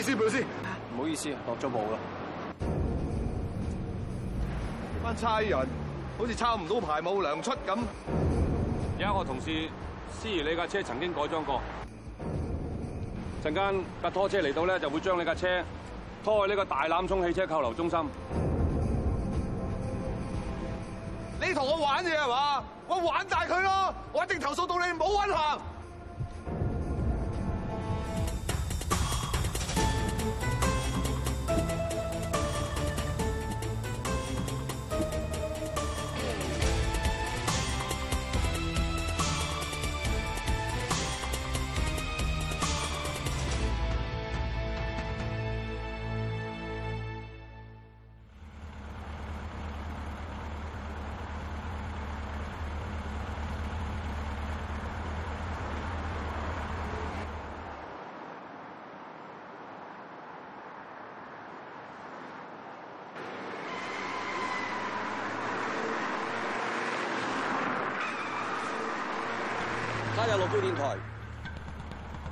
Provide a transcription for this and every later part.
李師傅，老師，唔好意思，落咗簿啦。班差人好似抄唔到牌冇糧出咁。有一個同事，思怡，你架車曾經改裝過。陣間架拖車嚟到咧，就會將你架車拖去呢個大欖涌汽車扣留中心。你同我玩嘢係嘛？我玩大佢咯，我一定投訴到你唔好允行。廣播電台，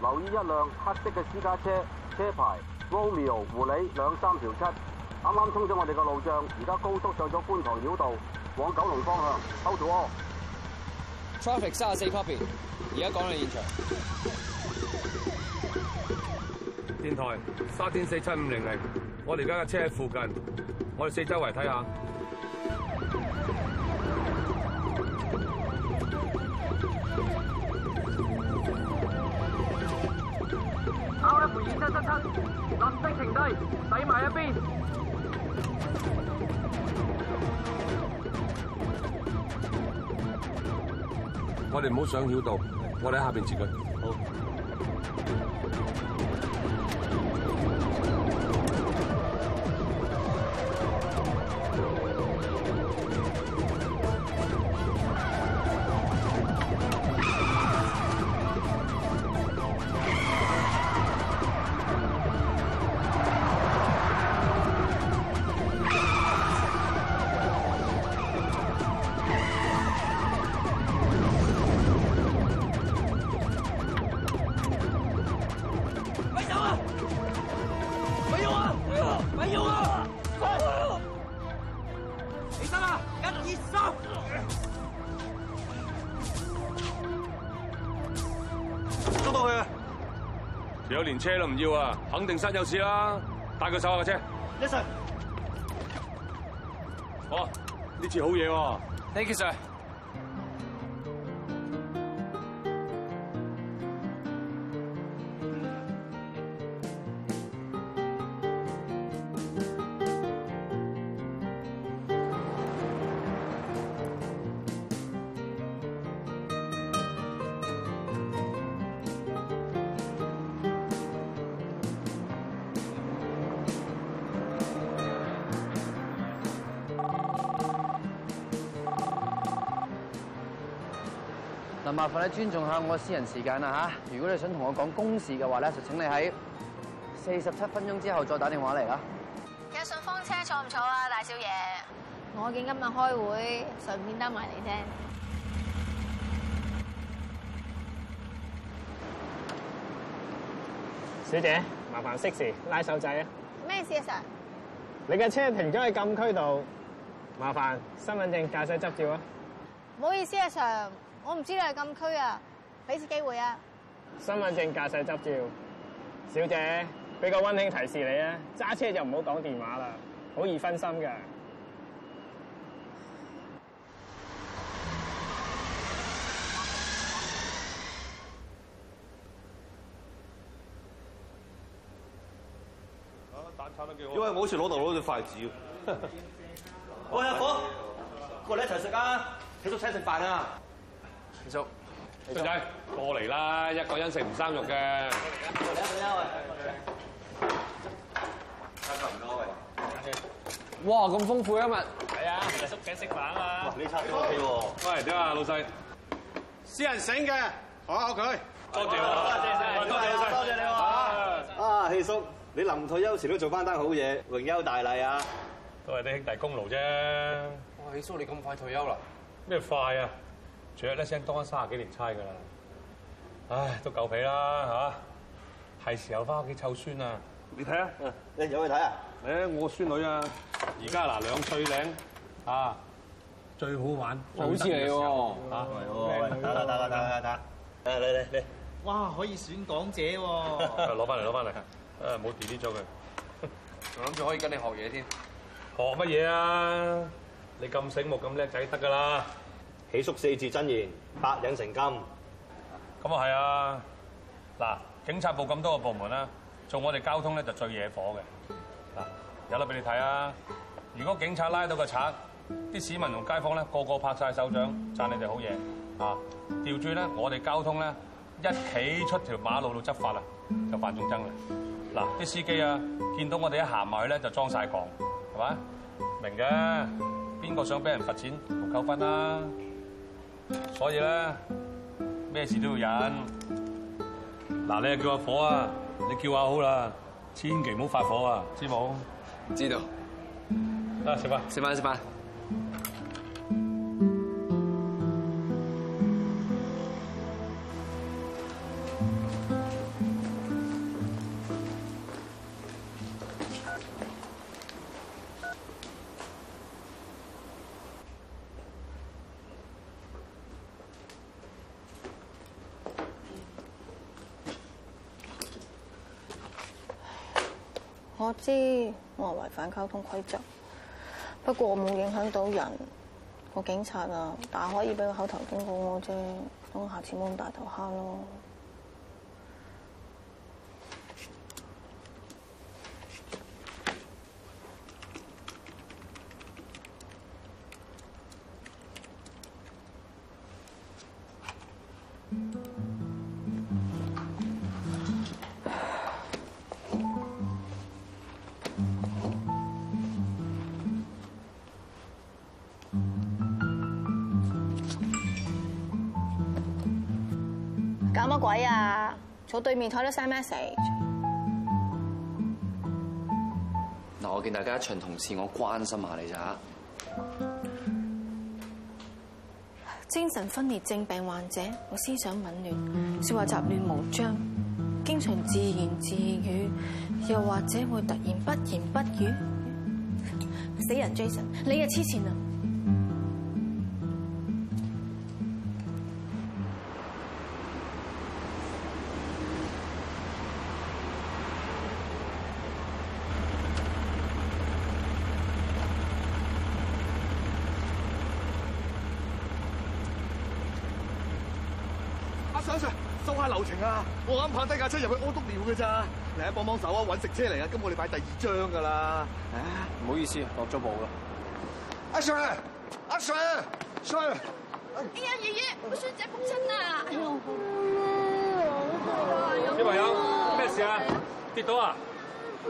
留意一輛黑色嘅私家車，車牌 Romeo 狐狸兩三條七，啱啱衝咗我哋個路障，而家高速上咗觀塘繞道，往九龍方向，收住。Traffic 三十四 copy，而家趕去現場。電台沙天四七五零零，500, 我哋而家嘅車喺附近，我哋四周圍睇下。F 二七七七，立即停低，駛埋一邊。 我哋唔好上繞道，我哋喺下邊接佢。好 有連車都唔要啊，肯定身有事啦！帶佢手下架車，一齊 Yes, sir.。哦，呢次好嘢，Thank you, sir.。嗱，麻煩你尊重下我私人時間啦嚇、啊。如果你想同我講公事嘅話咧，就請你喺四十七分鐘之後再打電話嚟啦。有順風車坐唔坐啊，大少爺？我見今日開會，順便搭埋你啫。小姐，麻煩熄匙拉手掣啊！咩事啊，Sir？你嘅車停咗喺禁區度，麻煩身份證、駕駛執照啊！唔好意思啊，Sir。我唔知你係禁區啊！俾次機會啊！身份證、駕駛執照，小姐，俾個溫馨提示你啊，揸車就唔好講電話啦，好易分心嘅。因為我好似老豆攞住筷子。 喂，阿婆，過嚟一齊食啊！喺度請食飯啊！叔，仔過嚟啦，一個人食唔生肉嘅。哇，咁豐富啊嘛。係啊，喜叔請食飯啊嘛。你拆咗屋企喎。喂，點啊，老細？私人醒嘅。好啊，O K。多謝，多謝，多謝你喎。啊，喜叔，你臨退休時都做翻單好嘢，榮休大禮啊。都係啲兄弟功勞啫。哇，喜叔你咁快退休啦？咩快啊？除一聲，當咗三十幾年差噶啦，唉都夠皮啦吓，係時候翻屋企湊孫啊！你睇啊，你有去睇啊？誒，我孫女啊，而家嗱兩歲零啊，最好玩，好犀利喎！嚇，係喎，打打打打打嚟嚟嚟！哇，可以選講者喎，攞翻嚟攞翻嚟，誒冇電呢咗佢，仲諗住可以跟你學嘢添，學乜嘢啊？你咁醒目咁叻仔得噶啦！起宿四字真言，百忍成金。咁啊係啊，嗱，警察部咁多個部門咧，做我哋交通咧就最惹火嘅。嗱，有得俾你睇啊！如果警察拉到個賊，啲市民同街坊咧個個拍晒手掌，讚你哋好嘢啊！調轉咧，我哋交通咧一企出條馬路度執法啊，就犯眾憎啦！嗱、啊，啲司機啊，見到我哋一行埋去咧就裝晒狂，係嘛？明嘅，邊個想俾人罰錢同扣分啊？所以咧，咩事都要忍。嗱，你又叫阿火啊，你叫阿好啦，千祈唔好發火啊，知冇？知道。啊，食飯，食飯，食飯。反交通規則，不過我冇影響到人。個警察啊，但可以俾個口頭警告我啫，等我下次冇咁大頭蝦咯。乜鬼啊！坐對面台都 send message。嗱，我見大家一場同事，我關心下你咋？精神分裂症病患者，會思想紊亂，說話雜亂無章，經常自言自語，又或者會突然不言不語。 死人 Jason，你嘅黐線啊。咁怕低架車入去屙督尿嘅咋？嚟啊，幫幫手啊，搵食車嚟啊！今個禮拜第二張噶啦。唔好意思，落咗步啦。阿 Sir，阿 Sir，Sir。哎呀，爺爺，啊、我孫仔撲親啦！小朋友，咩事、hey, 啊？跌到啊？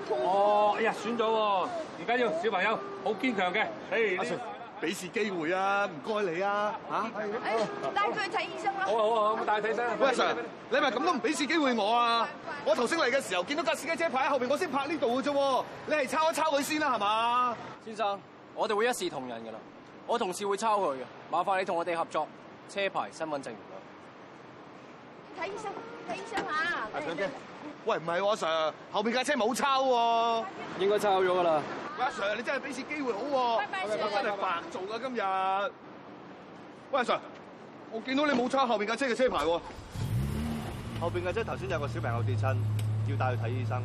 哦、啊，哎呀，損咗喎。唔緊要，小朋友好堅強嘅。哎，阿 Sir。俾次機會啊！唔該你啊，嚇、哎！啊、帶佢去睇醫生啦。好啊好啊，我帶你睇醫生。喂你，Sir，你咪咁都唔俾次機會我啊？喂我頭先嚟嘅時候見到架私家車牌，喺後邊我先拍呢度嘅啫喎。你係抄一抄佢先啦，係嘛？先生，我哋會一視同仁嘅啦。我同事會抄佢嘅，麻煩你同我哋合作。車牌身、身份證、唔該。睇醫生，睇醫生嚇、啊。拿相機。喂，唔係阿 Sir，後面架車冇抄喎、啊，應該抄咗噶啦。阿 Sir，你真係俾次機會好喎，我真係白做啦今日。喂阿 Sir，我見到你冇抄後面架車嘅車牌喎。嗯、後面架車頭先有個小朋友跌親，要帶去睇醫生。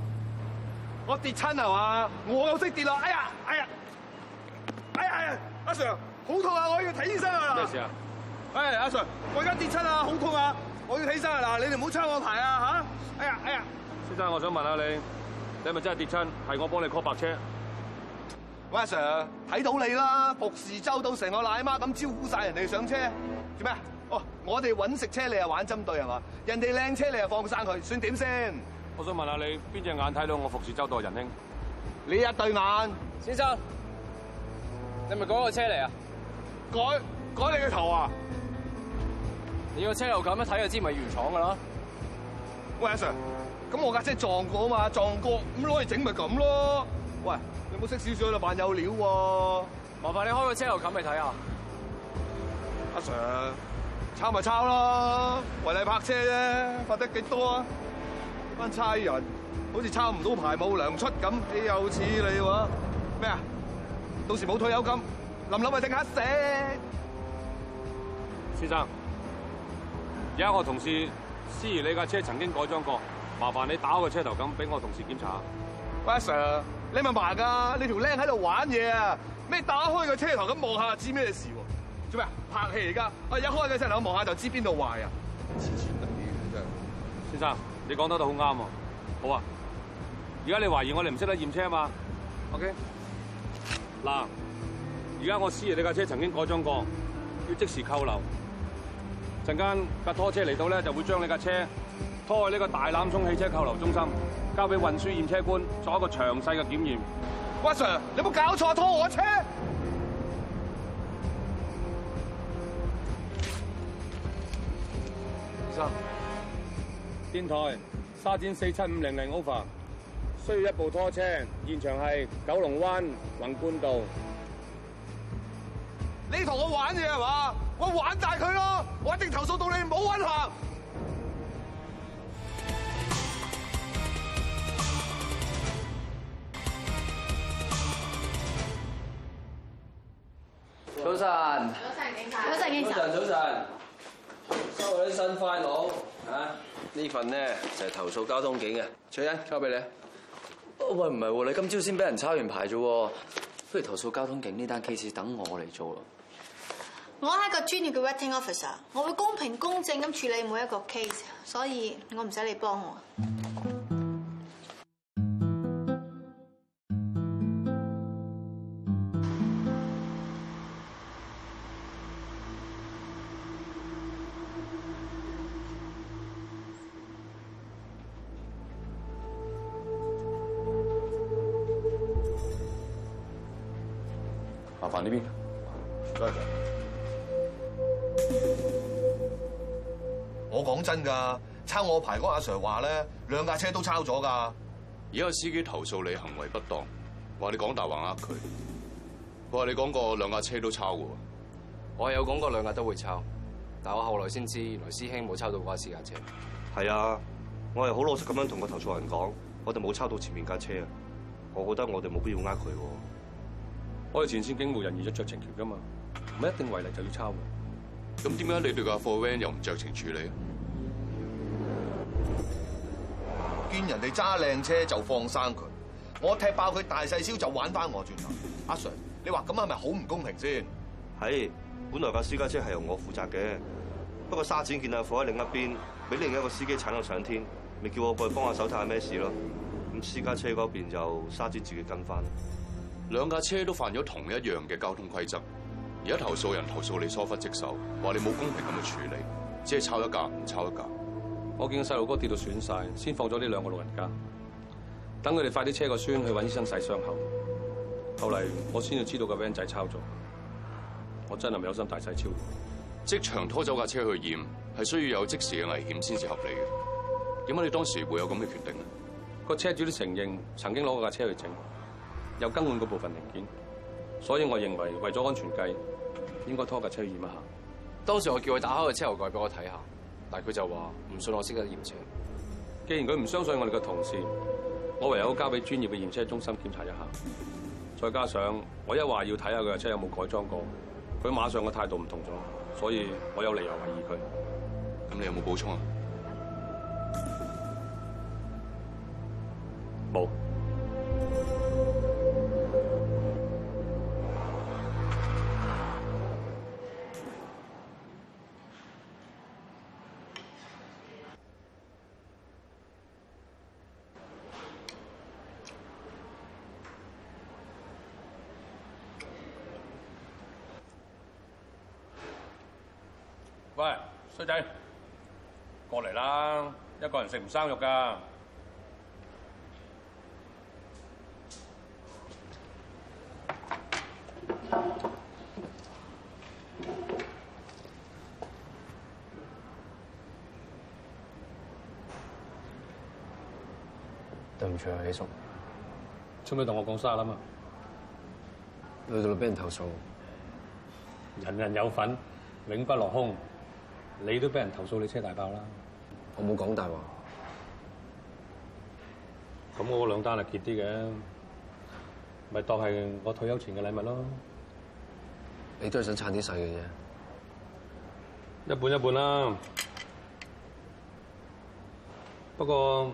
我跌親係嘛？我又識跌啊！哎呀，哎呀，哎呀，阿 Sir，好痛啊！我要睇醫生啊！咩事啊？誒阿 Sir，我而家跌親啊，好痛啊！我要起身啊！嗱，你哋唔好抄我牌啊嚇！哎呀，哎呀！先生，我想問下你，你係咪真係跌親？係，我幫你 call 白車。喂，阿 Sir，睇到你啦，服侍周到，成個奶媽咁招呼晒人哋上車，做咩？哦，我哋揾食車你又玩針對係嘛？人哋靚車你又放生佢，算點先？我想問下你，邊隻眼睇到我服侍周到人兄？你一對眼，先生，你咪改個車嚟啊？改改你嘅頭啊！你個車又咁樣睇就知咪原廠㗎啦。喂，阿 Sir。咁我架車撞過啊嘛，撞過咁攞嚟整咪咁咯。喂，你冇識少少啊？扮有料喎！麻煩你開個車頭冚嚟睇啊。阿 Sir，抄咪抄咯，為你泊車啫，罰得幾多啊？班差人好似抄唔到牌冇糧出咁，你又似你喎？咩啊？到時冇退休金，林立維定黑死。先生，有一個同事思疑你架車曾經改裝過，麻煩你打開個車頭咁俾我同事檢查。喂，Sir，你咪麻噶，你條靚喺度玩嘢啊！咩打開個車頭咁望下，看看就知咩事？做咩啊？拍戲嚟噶，我一開個車頭望下就知邊度壞啊！黐線嗰啲真係。先生，你講得都好啱喎。好啊，而家你懷疑我哋唔識得驗車嘛？OK。嗱，而家我思疑你架車曾經改裝過，要即時扣留。陣間架拖車嚟到咧，就會將你架車。開呢個大欖涌汽車扣留中心，交俾運輸驗車官做一個詳細嘅檢驗。阿 Sir，有冇搞錯拖我車？唔使 Sir。電台沙展四七五零零 Over 需要一部拖車，現場係九龍灣宏冠道。你同我玩嘢係嘛？我玩大佢咯，我一定投訴到你，唔好運行。早晨，早晨上警察，早晨警察，早晨上早晨上，收好啲新快樂嚇。啊、份呢份咧就係、是、投訴交通警嘅、啊，卓昕交俾你、哦。喂，唔係喎，你今朝先俾人抄完牌啫，不如投訴交通警呢單 case 等我嚟做咯。我係一個專業嘅 vetting officer，我會公平公正咁處理每一個 case，所以我唔使你幫我。嗯我講真㗎，抄我牌嗰阿 Sir 話咧，兩架車都抄咗㗎。而家個司機投訴你行為不當，話你講大話呃佢。佢話 你講過兩架車都抄喎，我係有講過兩架都會抄，但我後來先知原來師兄冇抄到嗰架私家車。係啊，我係好老實咁樣同個投訴人講，我哋冇抄到前面架車啊。我覺得我哋冇必要呃佢喎。 我哋前線警務人員一酌情權㗎嘛，唔係一定違例就要抄。咁點解你對個貨 van 又唔酌情處理？見人哋揸靚車就放生佢，我踢爆佢大細超就玩翻我轉頭。阿、啊、Sir，你話咁係咪好唔公平先？係，本來架私家車係由我負責嘅，不過沙展見阿貨喺另一邊，俾另一個司機踩到上天，咪叫我過去幫下手睇下咩事咯。咁私家車嗰邊就沙展自己跟翻。兩架車都犯咗同一樣嘅交通規則。而家投訴人投訴你疏忽職守，話你冇公平咁去處理，只係抄一架唔抄一架。我見個細路哥跌到損晒，先放咗呢兩個老人家，等佢哋快啲車個孫去揾醫生洗傷口。後嚟我先至知道個 van 仔抄咗，我真係咪有心大細超。即場拖走架車去驗係需要有即時嘅危險先至合理嘅，點解你當時會有咁嘅決定咧？個車主都承認曾經攞過架車去整，有更換嗰部分零件。所以我認為為咗安全計，應該拖架車去驗一下。當時我叫佢打開個車後蓋俾我睇下，但係佢就話唔信我識得驗車。既然佢唔相信我哋嘅同事，我唯有交俾專業嘅驗車中心檢查一下。再加上我一話要睇下佢架車有冇改裝過，佢馬上嘅態度唔同咗，所以我有理由懷疑佢。咁你有冇補充啊？冇。喂，衰仔，過嚟啦！一個人食唔生肉㗎。對唔住啊，喜叔，做咩同我講晒啦嘛？去到度俾人投訴，人人有份，永不落空。你都俾人投訴，你車大爆啦！我冇講大話，咁我那兩單係結啲嘅，咪當係我退休前嘅禮物咯。你都係想撐啲細嘅嘢，一半一半啦。不過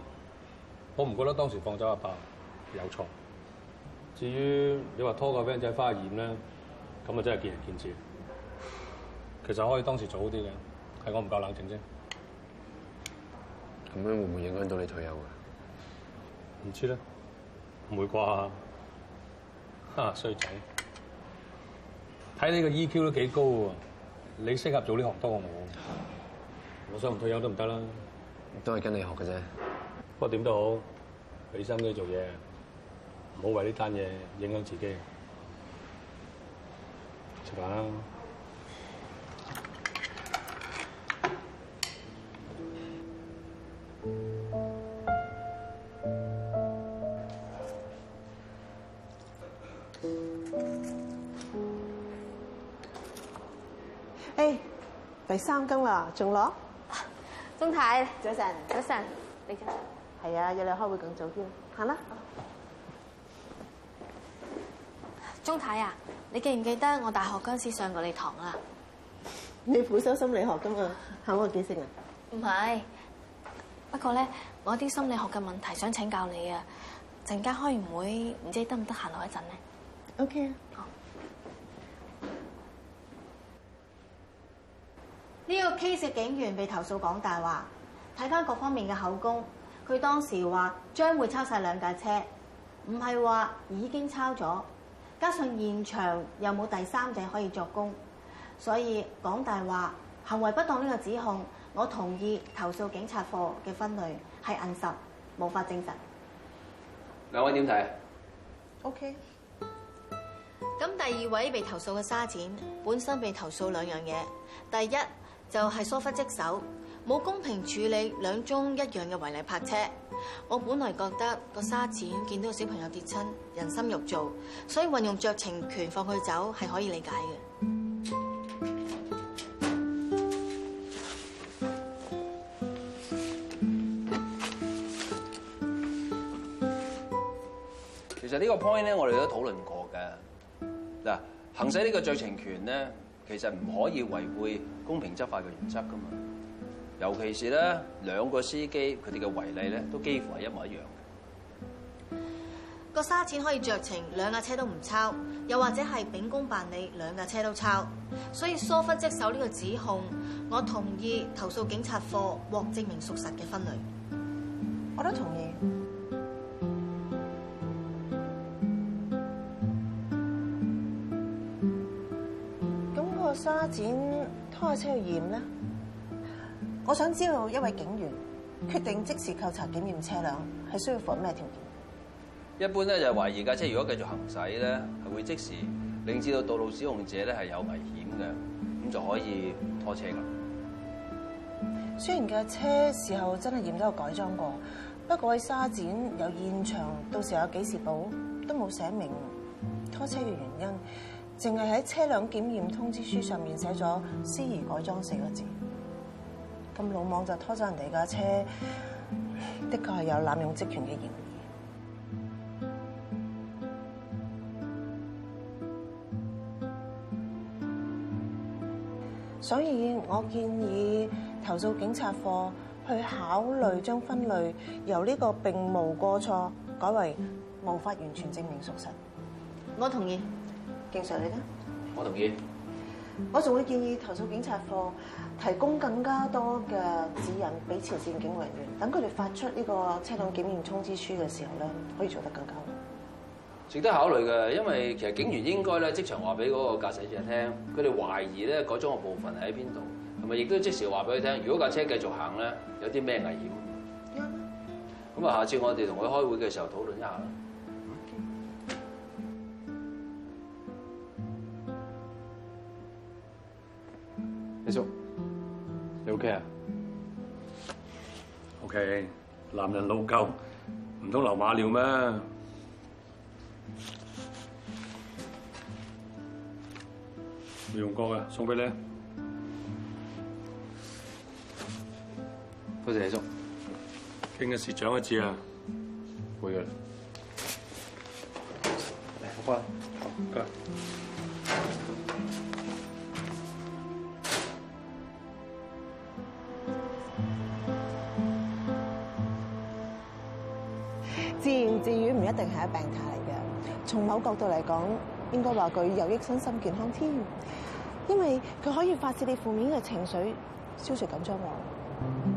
我唔覺得當時放走阿伯有錯。至於你話拖個 friend 仔翻去驗咧，咁啊真係見仁見智。其實可以當時早啲嘅。係我唔夠冷靜啫，咁樣會唔會影響到你退休啊？唔知咧，唔會啩？哈衰仔，睇你個 EQ 都幾高喎，你適合做呢行多過我，我想唔退休都唔得啦，都係跟你學嘅啫。不過點都好，俾心機做嘢，唔好為呢單嘢影響自己。食飯啦。三更啦，仲攞？鍾太，早晨，早晨，早晨你早晨。係啊，約你開會咁早添。行啦。鍾太啊，你記唔記得我大學嗰陣時上過你堂啊？你補修心理學㗎嘛，嚇我幾識啊？唔係，不過咧，我有啲心理學嘅問題想請教你啊。陣間開完會，唔知得唔得閒落一陣咧？OK 啊。Oh. K 社警員被投訴講大話，睇返各方面嘅口供，佢當時話將會抄晒兩架車，唔係話已經抄咗。加上現場又冇第三者可以作供，所以講大話、行為不當呢個指控，我同意投訴警察課嘅分類係銀實，無法證實。兩位點睇？O K。咁 Okay. 第二位被投訴嘅沙展本身被投訴兩樣嘢，第一。就係疏忽職守，冇公平處理兩宗一樣嘅違例泊車。我本來覺得個沙展見到個小朋友跌親，人心肉做，所以運用酌情權放佢走係可以理解嘅。其實呢個 point 咧，我哋都討論過㗎。嗱，行使呢個酌情權咧。其實唔可以違背公平執法嘅原則㗎嘛，尤其是呢，兩個司機，佢哋嘅違例呢，都幾乎係一模一樣嘅。個沙展可以酌情，兩架車都唔抄，又或者係秉公辦理，兩架車都抄。所以疏忽職守呢個指控，我同意投訴警察課獲證明屬實嘅分類。我都同意。沙展拖下車去驗咧，我想知道一位警員決定即時扣查檢驗車輛，係需要符合咩條件？一般咧就懷疑架車如果繼續行駛咧，係會即時令知道道路使用者咧係有危險嘅，咁就可以拖車噶。雖然架車事後真係驗咗有改裝過，不過喺沙展有現場，到時候有幾時保都冇寫明拖車嘅原因。淨係喺車輛檢驗通知書上面寫咗私移改裝四個字，咁魯莽就拖走人哋架車，的確係有濫用職權嘅嫌疑。所以我建議投訴警察課去考慮將分類由呢個並無過錯改為無法完全證明屬實。我同意。正常你咧，我同意。我仲會建議投訴警察課提供更加多嘅指引俾前線警務人員，等佢哋發出呢個車輛檢驗通知書嘅時候咧，可以做得更加好。值得考慮嘅，因為其實警員應該咧即場話俾嗰個駕駛者聽，佢哋懷疑咧改裝嘅部分喺邊度，同埋亦都即時話俾佢聽，如果架車繼續行咧，有啲咩危險。咁啊，嗯，下次我哋同佢開會嘅時候討論一下。阿叔，你 OK 啊？OK，男人老狗唔通流馬尿咩？未用過嘅，送俾你。多謝阿叔，今日攝獎一次啊，過咗啦。嚟，我幫你，哥。係一病態嚟嘅，從某角度嚟講，應該話佢有益身心健康添，因為佢可以發洩你負面嘅情緒，消除緊張喎。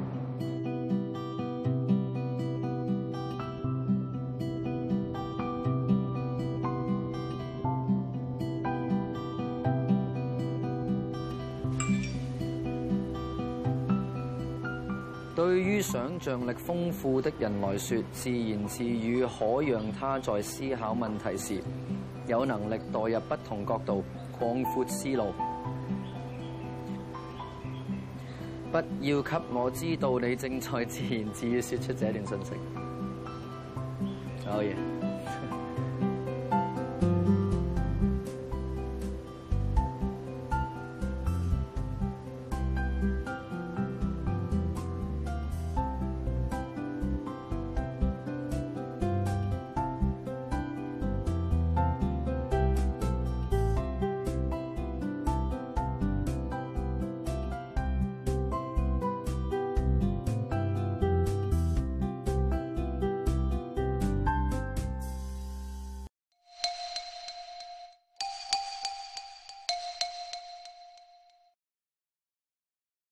想像力豐富的人來說，自言自語可讓他在思考問題時，有能力代入不同角度，擴闊思路。不要給我知道你正在自言自語，説出這段信息。好嘢。